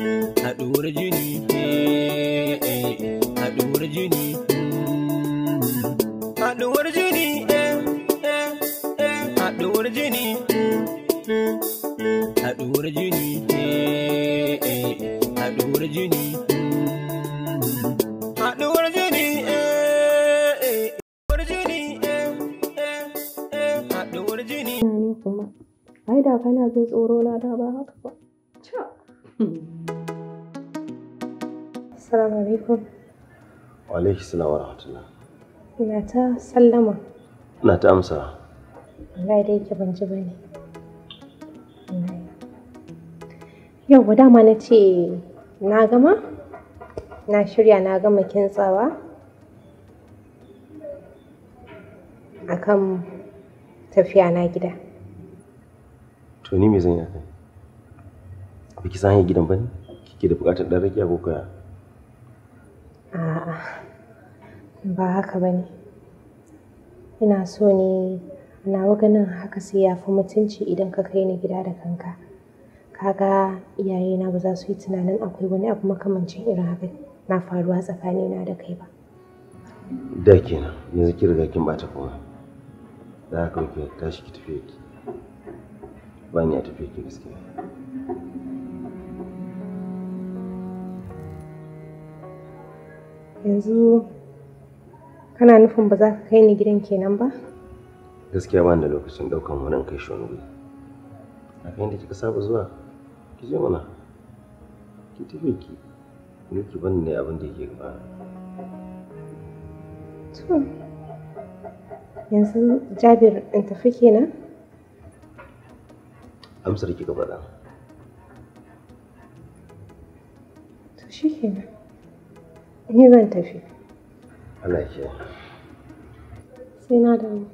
Eh, haɗuwar jini haɗuwar jini eh, eh, haɗuwar jini haɗuwar jini haɗuwar jini haɗuwar jini haɗuwar jini haɗuwar jini haɗuwar jini da kana jin tsoro na da ba alaikum. Wa alaikis salam wa rahmatullah. Ina ta sallama. Ina ta amsa. Allah dai ke ban ji bane. Yau dama na ce na gama? Na shirya na gama kintsawa? Akan tafiya na gida. To ni me zan yi akai? Biki san gidan bane? Kike da buƙatar ɗan rakiya ko kaya? A'a, ba haka ba ne. Ina so ne nawa ganin haka sai ya fi mutunci idan ka kai ni gida da kanka. Kaga iyayena ba za su yi tunanin akwai wani abu makamancin irin haka na faruwa tsakanina da kai ba. Da kenan yanzu ki riga kin bata kuma. Da haka ki tashi ki tafi ki. Ba ni a tafi ki gaskiya. yanzu kana nufin ba za ka kai ni gidan kenan ba gaskiya ba da lokacin daukan wani kai shi wani wuri a kan da kika saba zuwa ki je mana ki tafi ki ni ki bani ne abin da yake gaba to yanzu jabir in tafi kenan amsar kika faɗa to shi kenan Ni zan tafi. Allah ya Sai na dawo.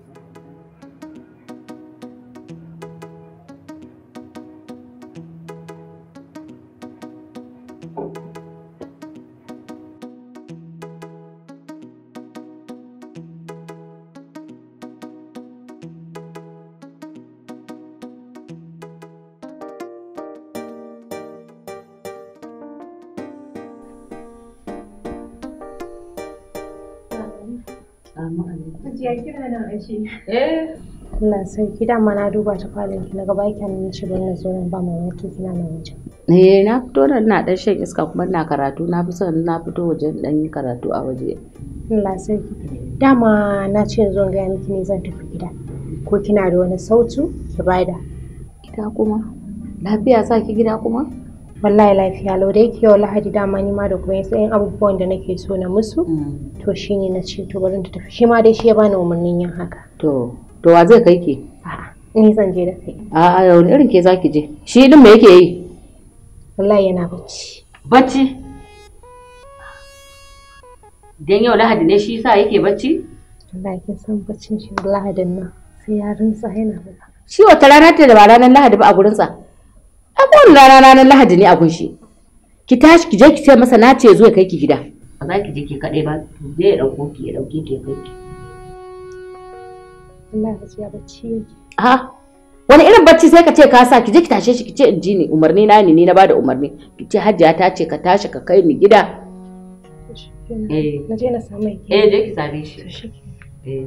Eh. Ina son ki dama na duba ta falon ki na gaba ki nan shi ban zo nan ba mamaki kina nan waje. Eh na fito nan na dan shan iska kuma ina karatu na fi son na fito wajen dan yi karatu a waje. Allah sarki. Dama na ce zo ga miki ne zan tafi gida. Ko kina da wani sautu ki bada. Gida kuma? Lafiya sa ki gida kuma? wallahi lafiya lau da yake yau lahadi dama ni ma da kuma yasa yan abubuwan da nake so na musu mm. to shine na ce to bari ta tafi shi ma dai shi ya bani umarnin yin haka to to wa zai kai ki a'a ni zan je da kai a'a yau irin ke zaki je shi din me yake yi wallahi yana bacci bacci dan yau lahadi ne shi yasa yake bacci wallahi kin san baccin shi lahadin nan sai ya rinsa yana bacci shi wata rana ta da ba ranar lahadi ba a gurinsa a kowane rana ranar lahadi ne a kunshi ki tashi ki je ki ce masa na ce zo ya kai ki gida a za ki je ki kaɗai ba zai ya dauko ki ya ɗauke ki ya kai ki Allah ya bacci a wani irin bacci sai ka ce ka sa ki je ki tashe shi ki ce in ji ni umarni na ne ni na bada umarni ki ce hajjiya ta ce ka tashi ka kai ni gida eh na je na same shi eh je ki same shi eh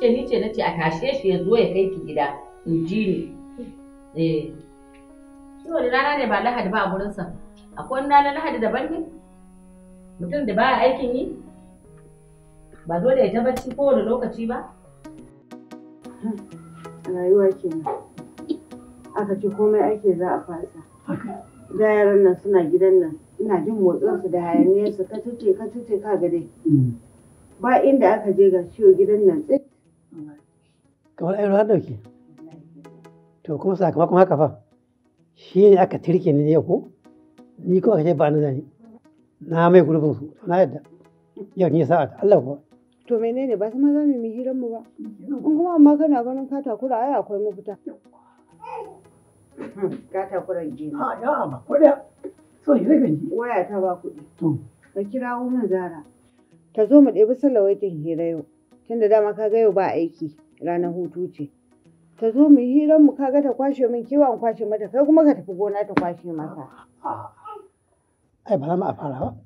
ce ni ce na ce a tashe shi ya zo ya kai ki gida in ji ni eh shi wani rana ne ba lahadi ba a gurinsa akwai wani rana lahadi daban ne mutum da baya aikin yi ba dole ya ta bacci kowane lokaci ba hmm. rayuwa ke kenan aka ce komai ake za a fasa da yaran nan suna gidan nan ina jin motsinsu da hayaniyarsu ka cuce ka tuce ka ga dai hmm. ba inda aka je ga ciwo gidan nan tsit kamar ai ruwa dauke to kuma sakamakon haka fa shi ne aka tirke ni yau ko ni ko aka ce ba ni zani na mai gurbin su na yadda yau ni sa'a Allah ko to menene ba kuma za mu yi mu ba kun kuma amma kana ganin ka takura ai akwai mafita ka takuran ji a ya ba kuɗi so yi zai ji waya ta ba kuɗi ka kirawo min zara ta zo mu ɗebi sallawaitin hira yau tunda dama ka ga yau ba aiki ranar hutu ce ta zo mu yi hiran mu kaga ta kwashe min kewa an kwashe mata kai kuma ka tafi gona ta kwashe mata ai ba mu a fara ba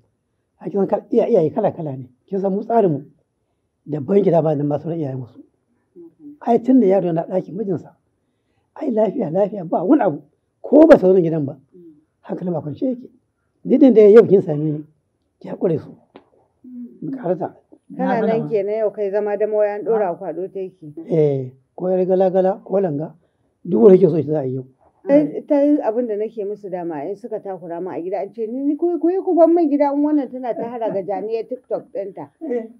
a kiwon iya iyaye kala kala ne kin san mu tsarin mu da banki gida ba da masu iyaye musu ai tun da yaro yana daki mijinsa ai lafiya lafiya ba wani abu ko ba sauran gidan ba hankali ba kwance yake didin da yau kin sami ne ki hakure su mu karata kana nan kenan yau kai zama da mawayan dora kwado take eh ko yar gala-gala ko langa duk wanda ke so shi za a yi yau. Eh, ta abin da nake musu dama in suka takura ma a gida an ce ni ko ko ku ban min gida in wannan tana ta hara ga jami'a TikTok ɗinta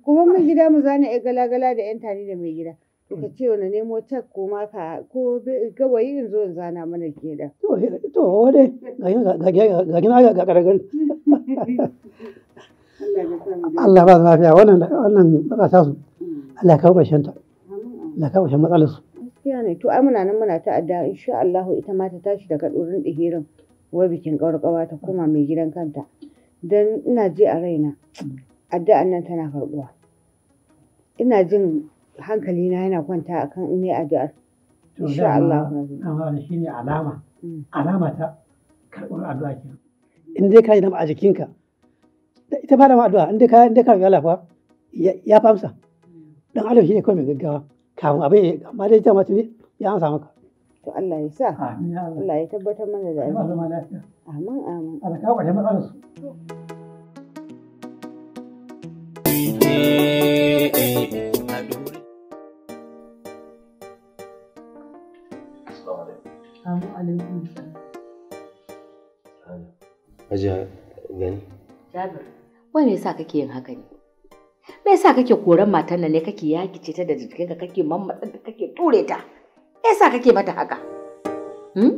ku ban min gida mu zana ai gala-gala da yan tani da mai gida to ka ce wani nemo tak ko ma ka ko gawayi in zo in zana mana gida to to wade ga ga ga ga ga karagar Allah ba lafiya wannan wannan ka su hmm. Allah ka kawo ƙarshen ta na kawo shi matsalar su gaskiya ne to ai muna nan muna ta'adda insha Allah ita ma ta tashi daga dorin dihirin wai bikin ƙaurƙawa ta koma mai gidan kanta dan ina ji a raina addu'an nan tana karɓuwa ina jin hankali na yana kwanta akan in yi addu'ar insha Allah Shi shine alama mm. alama ta karɓar addu'a kenan in dai ka yi nama a jikinka ita ba da addu'a in dai ka yi Allah fa ya famsa mm. dan Allah shi ne kawai mai gaggawa kafin abin ya amma dai jama'a ne ya amsa maka to Allah ya sa Allah ya tabbatar mana da abin amin amin Allah kawo kwaje matsalar su Hajiya gani? Jabir, wani yasa kake yin haka ne? me yasa kake koran matan nan ne kake yakice ta da ka kake mammatsa ta kake ture ta me yasa kake mata haka hmm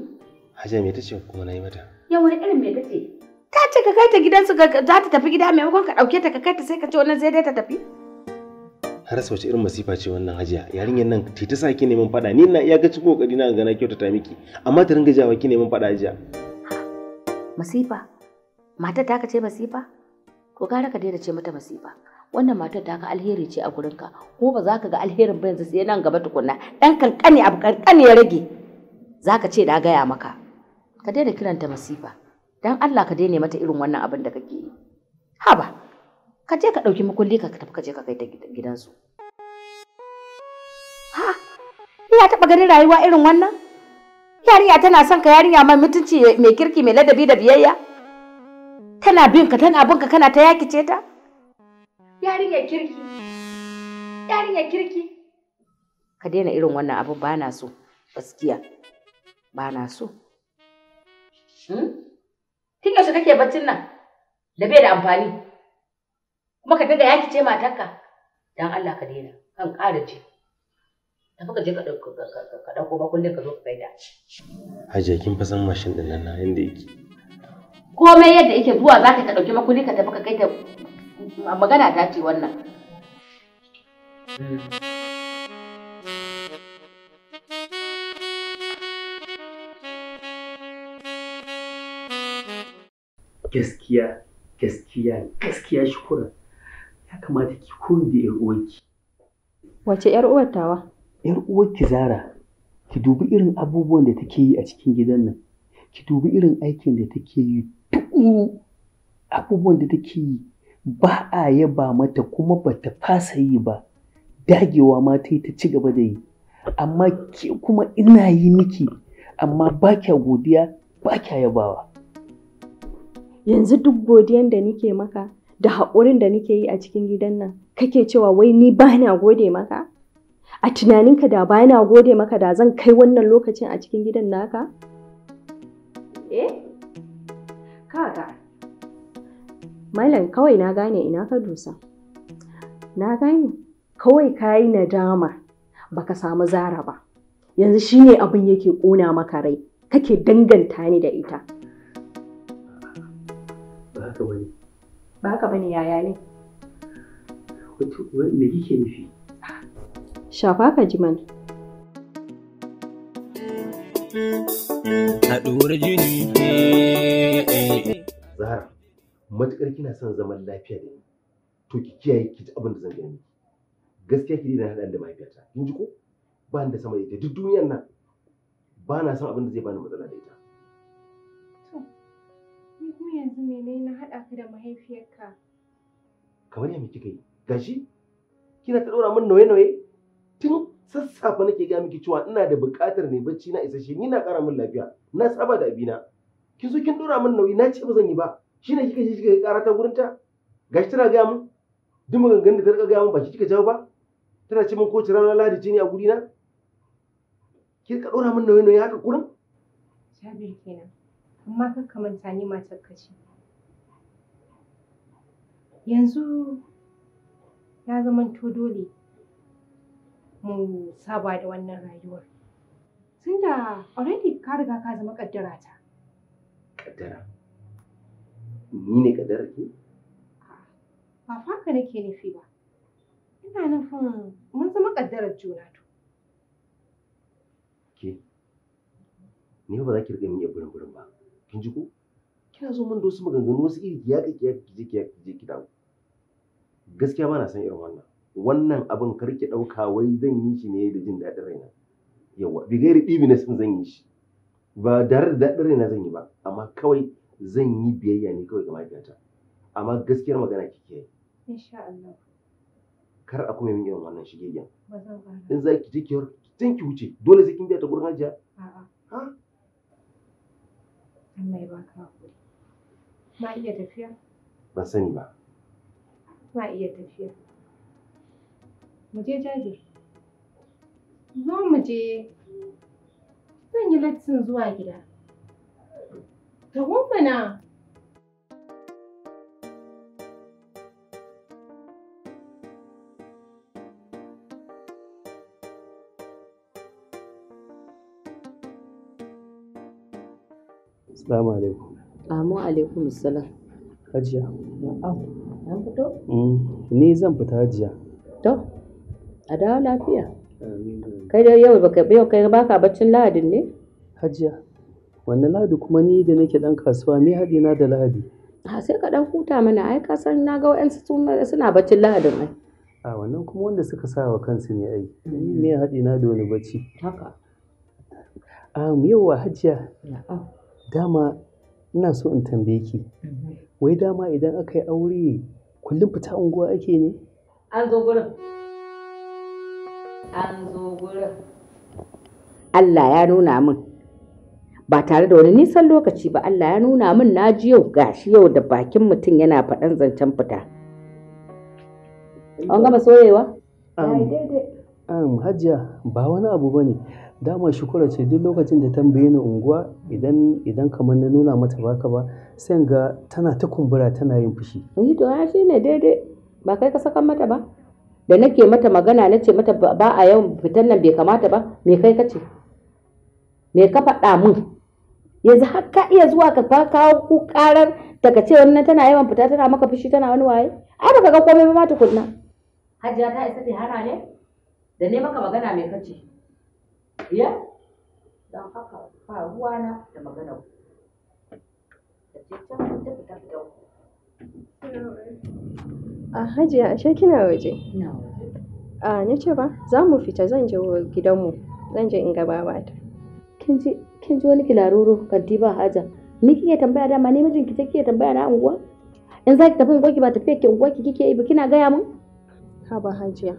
haje me tace kuma nayi mata ya wani irin me tace ta ce ka kai ta gidansu za ta tafi gida maimakon ka dauke ta ka kai ta sai ka ce wannan zai dai ta tafi har sau wace irin masifa ce wannan hajiya yarinyar nan ta ta sa ki neman fada ni na iya gaci kokari na ga na ta miki amma ta ringa jawa ki neman fada hajiya masifa mata ta ka ce masifa ko gara ka daina ce mata masifa wannan matar ta ga alheri ce a ka, ko ba za ka ga alherin ba yanzu sai nan gaba tukunna dan kankani abu kankani ya rage za ka ce na gaya maka ka daina kiranta masifa dan Allah ka daina mata irin wannan abin da kake yi haba ka je ka ɗauki makulli ka tafi ka je ka kai ta gidansu ha ya taba ganin rayuwa irin wannan yarinya tana son ka yarinya mai mutunci mai kirki mai ladabi da biyayya tana bin ka tana bin ka kana ta ce ta yarinya kirki yarinya kirki ka daina irin wannan abin ba na so gaskiya ba na so hmm? tun yaushe kake baccin nan da bai da amfani kuma ka dinga yaki ce matarka dan Allah ka daina kan ƙara ce ta ka je ka ɗauko makullin ka zo ka kai da hajiya kin fa san mashin ɗin nan na inda yake komai yadda yake zuwa za ka ɗauki makuli ka tafi ka kai ta magana ta ce wannan gaskiya gaskiya gaskiya shukura ya kamata ki koyi da yar uwarki wace yar uwar tawa yar uwarki zara ki dubi irin abubuwan da take yi a cikin gidan nan ki dubi irin aikin da take yi duk abubuwan da take yi ba a yaba mata kuma ba ta fasa yi ba dagewa ma ta yi ta ci gaba da yi amma ke kuma ina yi miki amma ba kya godiya ba kya yabawa yanzu duk godiyan da nike maka da haƙurin da nike yi a cikin gidan nan kake cewa wai ni ba na gode maka a tunaninka da ba na gode maka da zan kai wannan lokacin a cikin gidan naka eh kaga Malam kawai na gane ina ka dusa. Na gane, kawai ka yi nadama baka samu zara ba. Yanzu shi ne abin yake ƙona maka rai, kake danganta ni da ita. Ba haka bane. Ba haka bane yaya ne? Me kike nufi? Shafa ka ji mana. Haɗuwar jini. Zara. matukar kina son zaman lafiya da ni to ki kiyaye ki ji abin da zan gani gaskiya ki daina haɗa da mahaifiyata kin ji ko ba ni da sama da ita duk duniyar nan ba na son abin da zai bani matsala da ita to ni kuma yanzu na haɗa ka da mahaifiyarka kamar ya kika yi gashi kina ta ɗora min nauye-nauye tun sassafe nake ga miki cewa ina da buƙatar ne bacci na isasshe ni na ƙara min lafiya na saba da abina kin so kin ɗora min nauyi na ce ba zan yi ba shi ne kika ji kika ƙara ta gurin ta gashi tana gaya mun duk maganganun da ta rika gaya mun ba ki kika jawo ba tana ce min kowace rana ladi ce ne a guri na ki ka ɗora min nauyi nauyi haka kurin Jabir kenan amma kar ka manta ni ma ka ce yanzu ya to dole mu saba da wannan rayuwar tunda already ka riga ka zama kaddara ta kaddara ni ne kadar ke? Ba haka nake nufi ba. Ina nufin mun zama kaddarar juna to. Ke, ni ba za ki riga min burin burin ba. Kin ji ko? Kina zo min da wasu maganganu wasu iri ya ki ya ki je ki ya ki ki dawo. Gaskiya ba na san irin wannan. Wannan abin kar ki ɗauka wai zan yi shi ne da jin daɗin raina. Yawwa, gairi ɗibi na sun zan yi shi. Ba tare da daɗin raina zan yi ba, amma kawai zan yi biyayya ne kawai ga mahaifiyata amma gaskiyar magana kike yi insha Allah kar a kuma min irin wannan shigegen in za ki take tun ki wuce dole sai kin biya ta gurin hajiya a'a ha Allah ya baka ma iya tafiya ban sani ba ma iya tafiya mu je jaje za mu je zan yi lattin zuwa gida taho Assalamu alaikum. Amu alaikum salam. Hajiya. Na'am. An fito? Mm, ni zan fita hajiya. To, a dawo lafiya. Kai da yau baka yau kai baka baccin Lahadin ne? Hajiya, Wanne Lahadi kuma ni da nake ɗan kasuwa me haɗi na da Lahadi? A sai ka ɗan huta mana ai ka san na ga wa'yansu suna baccin Lahadin ai. A wannan kuma wanda suka sa wa kansu ne ai. Mm. Me haɗi na da wani bacci? Haka. Um, yauwa hajiya. Dama ina so in tambaye ki. Mm-hmm. Wai dama idan aka yi aure kullum fita unguwa ake ne? An zo gurin. An zo gurin. Allah ya nuna min. ba tare da wani nisan lokaci ba Allah ya nuna min na ji yau gashi yau da bakin mutum yana faɗan zancen fita. An gama soyewa? hajiya ba wani abu ba ne dama shukura ce duk lokacin da tambaye ni unguwa idan idan kamar na nuna mata baka ba sai ga tana ta kumbura tana yin fushi. Ni to ya shi ne daidai ba kai ka saka mata ba da nake mata magana na ce mata ba a yau fitan nan bai kamata ba me kai ka ce me ka faɗa mun yanzu har ka iya zuwa ka kawo ku karar daga ce wannan tana yawan fita tana maka fushi tana wani waye ai baka ga komai ba ma tukunna hajiya ta isa ta hana ne da ne maka magana mai kace ya Dan haka fa ruwa na da magana da ce can ta fita fita a hajiya ashe kina waje a ni ce ba za mu fita zan je gidanmu zan je in ga babata kin ji kin ji wani kilaruru kanti ba haja ni kike tambaya dama ni mijinki take kike tambaya na unguwa in za ki tafi unguwa ki ba tafiya ki unguwa ki kike yi ba kina gaya mun ha ba hajiya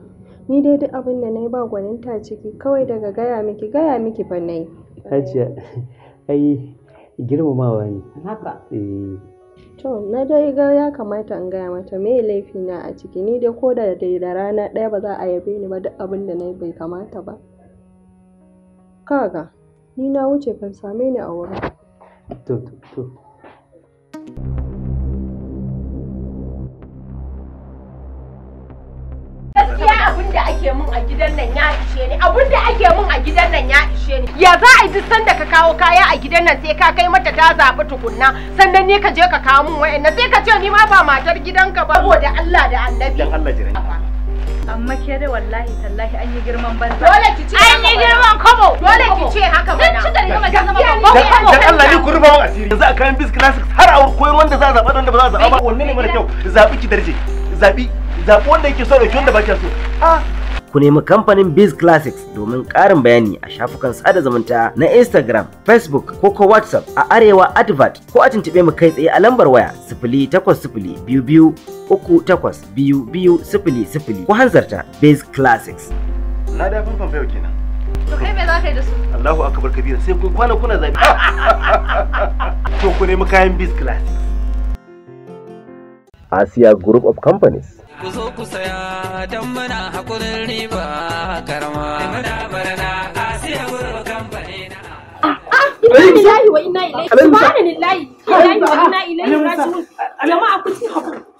ni dai duk abin da nayi ba gwaninta ciki kawai daga gaya miki gaya miki fa nayi hajiya ai girmamawa ne haka eh to na dai ga ya kamata in gaya mata me laifi na a ciki ni dai ko da dai da rana ɗaya ba za a yabe ni ba duk abin da nayi bai kamata ba kaga Ni na wuce kan same ni a wurin. To, to, to. Gaskiya abin da ake mun a gidan nan ya ishe ni. Abin da ake mun a gidan nan ya ishe ni. Ya za a yi duk sanda ka kawo kaya a gidan nan sai ka kai mata ta zaɓi tukunna. Sannan ne ka je ka kawo mun wa'annan sai ka ce ni ma ba matar gidanka ba. Saboda Allah da annabi. Dan Allah jiran. amma ke dai wallahi tallahi an yi girman banza dole ki ce an yi girman kobo dole ki ce yan classics har a koyar wanda za a zaɓa wanda ba za a zaɓa ba wanne ne mara kyau zaɓi ki darje zaɓi zaɓi wanda yake so da wanda ba ki so ku nemi kamfanin Biz Classics domin ƙarin bayani a shafukan sada zumunta na Instagram, Facebook ko ko WhatsApp a Arewa Advert ko a tuntuɓe mu kai tsaye a lambar waya takwas ko hanzarta Biz Classics. Na da fanfan bayo kenan. sai kun kwana kuna zabi to ku nemi kayan biz Asia Group of Companies ku zo ku saya don muna hakurin riba karama muna Asia Group of Companies inna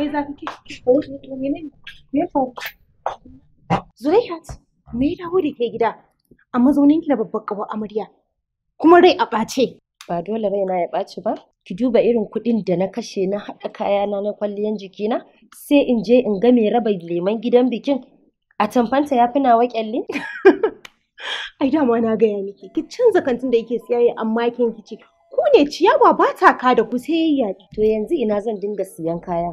me za ka ki me ne da ke gida a mazaunin ki na babbar kawo amarya kuma rai a ɓace ba dole raina ya ɓaci ba ki duba irin kuɗin da na kashe na haɗa kayana na kwalliyan jikina sai in je in ga mai raba leman gidan bikin a tamfanta ya fi nawa kyalli ai dama na gaya miki ki canza kantin da yake siyayya amma kin kici ku ne ciyawa ba ta ka da ku sai yayi to yanzu ina zan dinga siyan kaya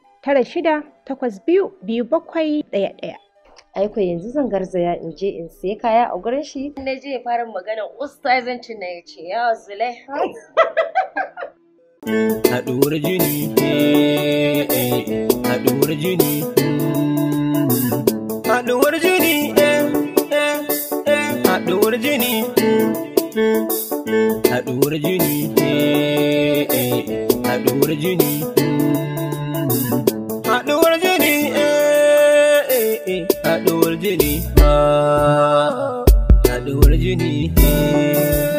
tara shida takwas biyu biyu bakwai ɗaya ɗaya. Aiko yanzu zan garzaya in je in sai kaya a gurin shi. Na je fara magana ustazancin na ya ce yawa zulai. Haɗuwar jini, eh, eh, haɗuwar jini, hmm. haɗuwar jini, eh, haɗuwar jini, hmm. haɗuwar jini, haɗuwar jini. Hmm. jini ma ah, yaduwar jini